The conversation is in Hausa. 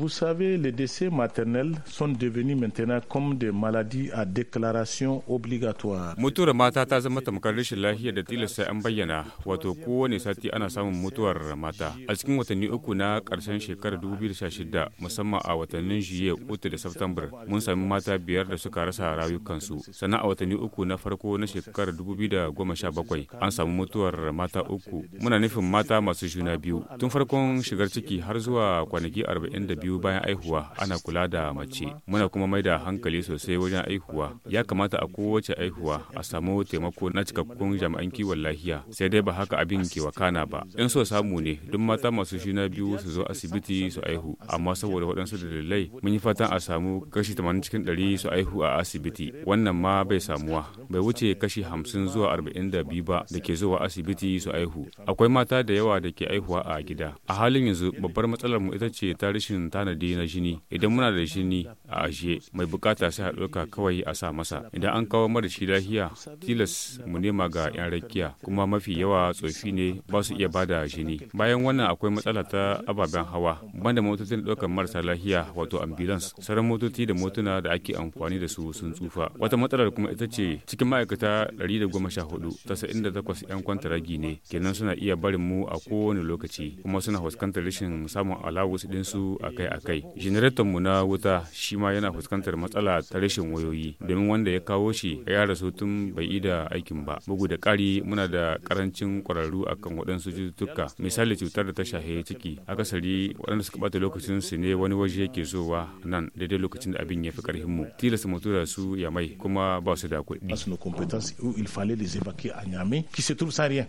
Vous savez, les décès maternels sont devenus maintenant comme des maladies à déclaration obligatoire. Mutuwar mata ta zama tamkar rashin lafiya da tilasta an bayyana, wato kowane sati ana samun mutuwar mata. A cikin watanni uku na ƙarshen shekarar 2016, musamman a watannin Juye, Uta da mun sami mata biyar da suka rasa rayukansu. Sannan a watanni uku na farko na shekarar 2017, an samu mutuwar mata uku. Muna nufin mata masu juna biyu. Tun farkon shigar ciki har zuwa kwanaki 42 biyu bayan aihuwa ana kula da mace muna kuma mai da hankali sosai wajen aihuwa ya kamata a kowace aihuwa a samu taimako na cikakkun jami'an kiwon lafiya sai dai ba haka abin ke wakana ba in so samu ne duk mata masu shina biyu su zo asibiti su aihu amma saboda waɗansu dalilai mun yi fatan a samu kashi 80 cikin 100 su aihu a asibiti wannan ma bai samuwa bai wuce kashi 50 zuwa 42 ba da ke zuwa asibiti su aihu akwai mata da yawa da ke aihuwa a gida a halin yanzu babbar matsalar mu ita ce ta rashin ta tanadi na jini idan muna da jini a ashe mai bukata sai a ɗauka kawai a sa masa idan an kawo mara shi lahiya tilas mu nema ga 'yan rakiya kuma mafi yawa tsofi ne ba su iya bada jini bayan wannan akwai matsala ta ababen hawa banda motocin ɗaukar marasa lahiya wato ambulance sauran motoci da motuna da ake amfani da su sun tsufa wata matsalar kuma ita ce cikin ma'aikata da hudu ɗari goma sha da takwas 'yan kwantaragi ne kenan suna iya barin mu a kowane lokaci kuma suna fuskantar rashin samun alawus ɗinsu akai-akai generator mu na wuta shi ma yana fuskantar matsala ta rashin wayoyi domin wanda ya kawo shi ya rasu tun bai yi da aikin ba bugu da ƙari muna da karancin ƙwararru akan waɗansu cututtuka misali cutar da ta shahe ciki akasari waɗanda suka ɓata lokacin su ne wani waje yake zowa nan daidai lokacin da abin ya fi ƙarfin mu tilasta mu tura su ya mai kuma ba su da kuɗi.